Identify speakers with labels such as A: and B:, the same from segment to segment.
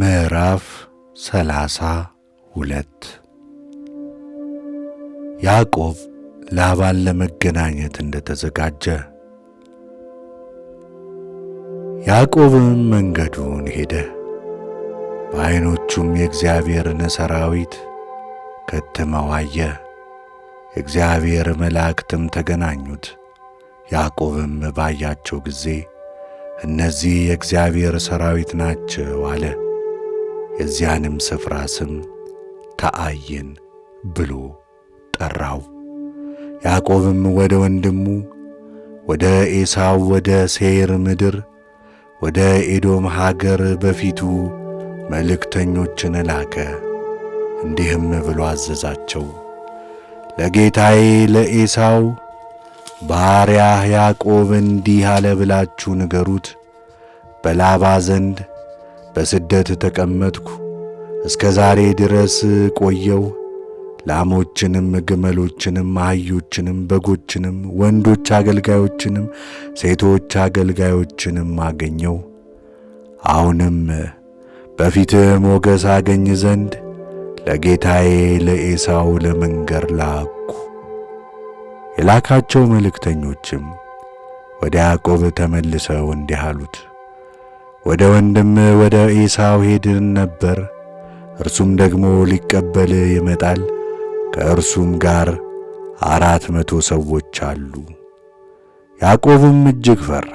A: ምዕራፍ ሰላሳ ሁለት ያዕቆብ ላባን ለመገናኘት እንደ ተዘጋጀ። ያዕቆብም መንገዱን ሄደ፣ በዐይኖቹም የእግዚአብሔርን ሰራዊት ከትመው አየ። የእግዚአብሔር መላእክትም ተገናኙት። ያዕቆብም ባያቸው ጊዜ እነዚህ የእግዚአብሔር ሰራዊት ናቸው አለ። የዚያንም ስፍራ ስም ተአየን ብሎ ጠራው። ያዕቆብም ወደ ወንድሙ ወደ ኤሳው ወደ ሴይር ምድር ወደ ኤዶም ሀገር በፊቱ መልእክተኞችን ላከ። እንዲህም ብሎ አዘዛቸው፣ ለጌታዬ ለኤሳው ባሪያህ ያዕቆብ እንዲህ አለ ብላችሁ ንገሩት በላባ ዘንድ በስደት ተቀመጥኩ፣ እስከ ዛሬ ድረስ ቆየው። ላሞችንም ግመሎችንም አህዮችንም በጎችንም ወንዶች አገልጋዮችንም ሴቶች አገልጋዮችንም አገኘው። አሁንም በፊትህ ሞገስ አገኝ ዘንድ ለጌታዬ ለኤሳው ለመንገር ላኩ። የላካቸው መልእክተኞችም ወደ ያዕቆብ ተመልሰው እንዲህ አሉት፦ ወደ ወንድም ወደ ኤሳው ሄድን ነበር። እርሱም ደግሞ ሊቀበል ይመጣል፣ ከእርሱም ጋር አራት መቶ ሰዎች አሉ። ያዕቆብም እጅግ ፈራ፣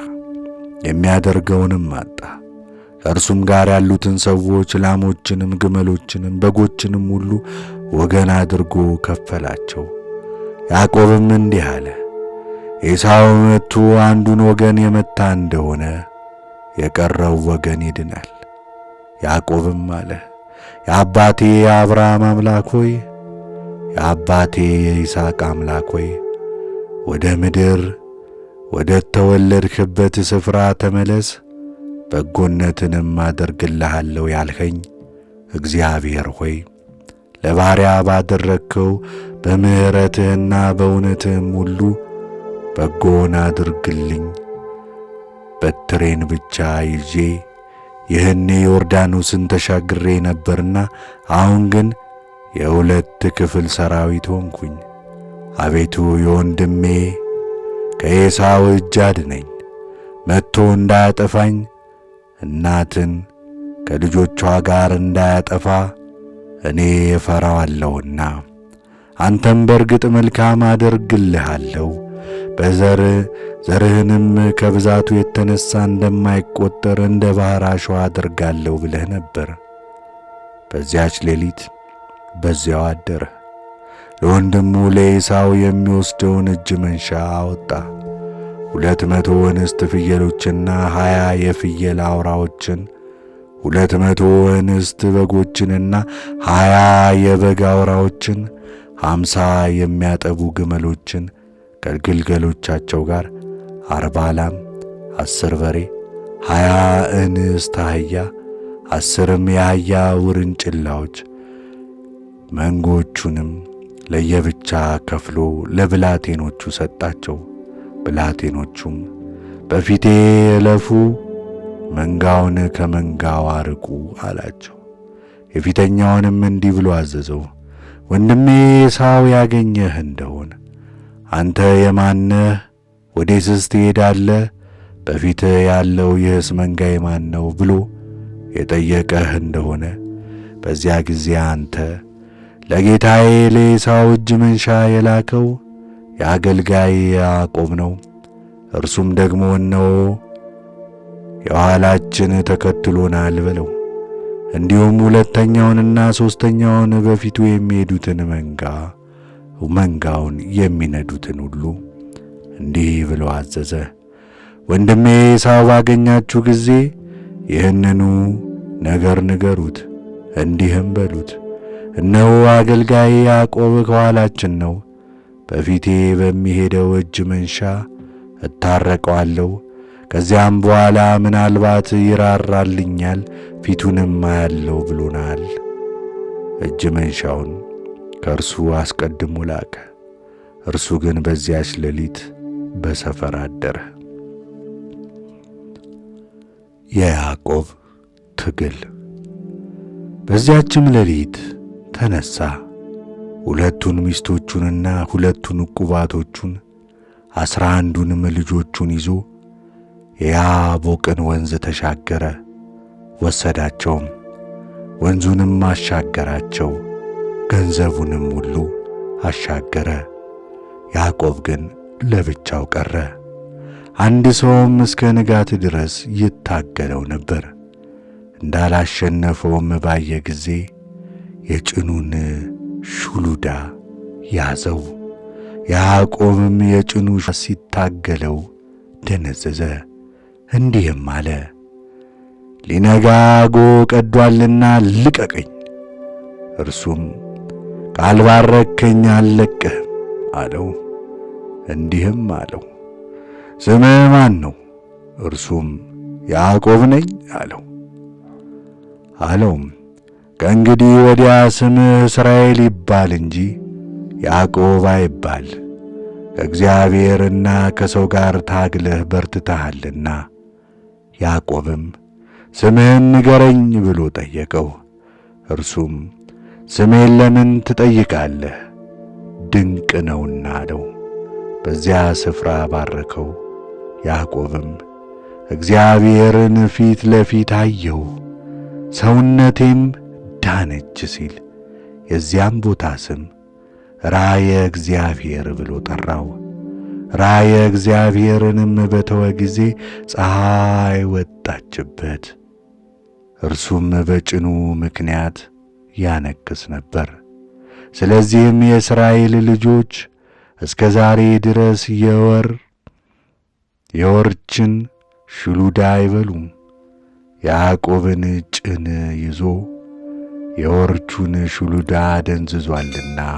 A: የሚያደርገውንም አጣ። ከእርሱም ጋር ያሉትን ሰዎች ላሞችንም፣ ግመሎችንም፣ በጎችንም ሁሉ ወገን አድርጎ ከፈላቸው። ያዕቆብም እንዲህ አለ፣ ኤሳው መጥቶ አንዱን ወገን የመታ እንደሆነ የቀረው ወገን ይድናል። ያዕቆብም አለ የአባቴ የአብርሃም አምላክ ሆይ የአባቴ የይስሐቅ አምላክ ሆይ ወደ ምድር ወደ ተወለድክበት ስፍራ ተመለስ፣ በጎነትንም አደርግልሃለሁ ያልኸኝ እግዚአብሔር ሆይ ለባሪያ ባደረግከው በምሕረትህና በእውነትህም ሁሉ በጎን አድርግልኝ። በትሬን ብቻ ይዤ ይህኔ ዮርዳኖስን ተሻግሬ ነበርና፣ አሁን ግን የሁለት ክፍል ሰራዊት ሆንኩኝ። አቤቱ የወንድሜ ከኤሳው እጅ አድነኝ፣ መጥቶ እንዳያጠፋኝ፣ እናትን ከልጆቿ ጋር እንዳያጠፋ እኔ እፈራዋለሁና። አንተም በርግጥ መልካም አደርግልሃለሁ በዘር ዘርህንም ከብዛቱ የተነሳ እንደማይቆጠር እንደ ባሕር አሸዋ አድርጋለሁ ብለህ ነበር። በዚያች ሌሊት በዚያው አደረ። ለወንድሙ ለኢሳው የሚወስደውን እጅ መንሻ አወጣ። ሁለት መቶ እንስት ፍየሎችና ሀያ የፍየል አውራዎችን ሁለት መቶ እንስት በጎችንና ሀያ የበግ አውራዎችን ሀምሳ የሚያጠቡ ግመሎችን ከግልገሎቻቸው ጋር አርባ ላም፣ አስር በሬ፣ ሀያ እንስት አህያ፣ አስርም የአህያ ውርንጭላዎች መንጎቹንም ለየብቻ ከፍሎ ለብላቴኖቹ ሰጣቸው። ብላቴኖቹም በፊቴ እለፉ፣ መንጋውን ከመንጋው አርቁ አላቸው። የፊተኛውንም እንዲህ ብሎ አዘዘው፣ ወንድሜ ኤሳው ያገኘህ እንደሆነ አንተ የማነህ? ወዴትስ ትሄዳለህ? በፊትህ ያለው ይህስ መንጋ የማን ነው ብሎ የጠየቀህ እንደሆነ በዚያ ጊዜ አንተ ለጌታዬ ለዔሳው እጅ መንሻ የላከው የአገልጋይ ያዕቆብ ነው፣ እርሱም ደግሞ እነሆ የኋላችን ተከትሎናል በለው። እንዲሁም ሁለተኛውንና ሦስተኛውን በፊቱ የሚሄዱትን መንጋ መንጋውን የሚነዱትን ሁሉ እንዲህ ብሎ አዘዘ። ወንድሜ ኤሳው ባገኛችሁ ጊዜ ይህንኑ ነገር ንገሩት፣ እንዲህም በሉት፣ እነሆ አገልጋይ ያዕቆብ ከኋላችን ነው። በፊቴ በሚሄደው እጅ መንሻ እታረቀዋለሁ። ከዚያም በኋላ ምናልባት ይራራልኛል፣ ፊቱንም አያለው ብሎናል። እጅ መንሻውን ከእርሱ አስቀድሞ ላከ። እርሱ ግን በዚያች ሌሊት በሰፈር አደረ። የያዕቆብ ትግል። በዚያችም ሌሊት ተነሳ ሁለቱን ሚስቶቹንና ሁለቱን ዕቁባቶቹን አስራ አንዱንም ልጆቹን ይዞ የያቦቅን ወንዝ ተሻገረ፣ ወሰዳቸውም፣ ወንዙንም አሻገራቸው። ገንዘቡንም ሁሉ አሻገረ። ያዕቆብ ግን ለብቻው ቀረ። አንድ ሰውም እስከ ንጋት ድረስ ይታገለው ነበር። እንዳላሸነፈውም ባየ ጊዜ የጭኑን ሹሉዳ ያዘው። ያዕቆብም የጭኑ ሲታገለው ደነዘዘ፣ እንዲህም አለ ሊነጋጎ ቀዷልና ልቀቀኝ። እርሱም ካልባረከኝ አልለቅህም አለው። እንዲህም አለው ስምህ ማን ነው? እርሱም ያዕቆብ ነኝ አለው። አለውም ከእንግዲህ ወዲያ ስምህ እስራኤል ይባል እንጂ ያዕቆብ አይባል፣ ከእግዚአብሔርና ከሰው ጋር ታግለህ በርትተሃልና። ያዕቆብም ስምህን ንገረኝ ብሎ ጠየቀው። እርሱም ስሜን ለምን ትጠይቃለህ? ድንቅ ነውና አለው። በዚያ ስፍራ ባረከው። ያዕቆብም እግዚአብሔርን ፊት ለፊት አየው፣ ሰውነቴም ዳነች ሲል የዚያም ቦታ ስም ራየ እግዚአብሔር ብሎ ጠራው። ራየ እግዚአብሔርንም በተወ ጊዜ ፀሐይ ወጣችበት፣ እርሱም በጭኑ ምክንያት ያነክስ ነበር። ስለዚህም የእስራኤል ልጆች እስከ ዛሬ ድረስ የወር የወርችን ሽሉዳ አይበሉም። ያዕቆብን ጭን ይዞ የወርቹን ሽሉዳ ደንዝዟልና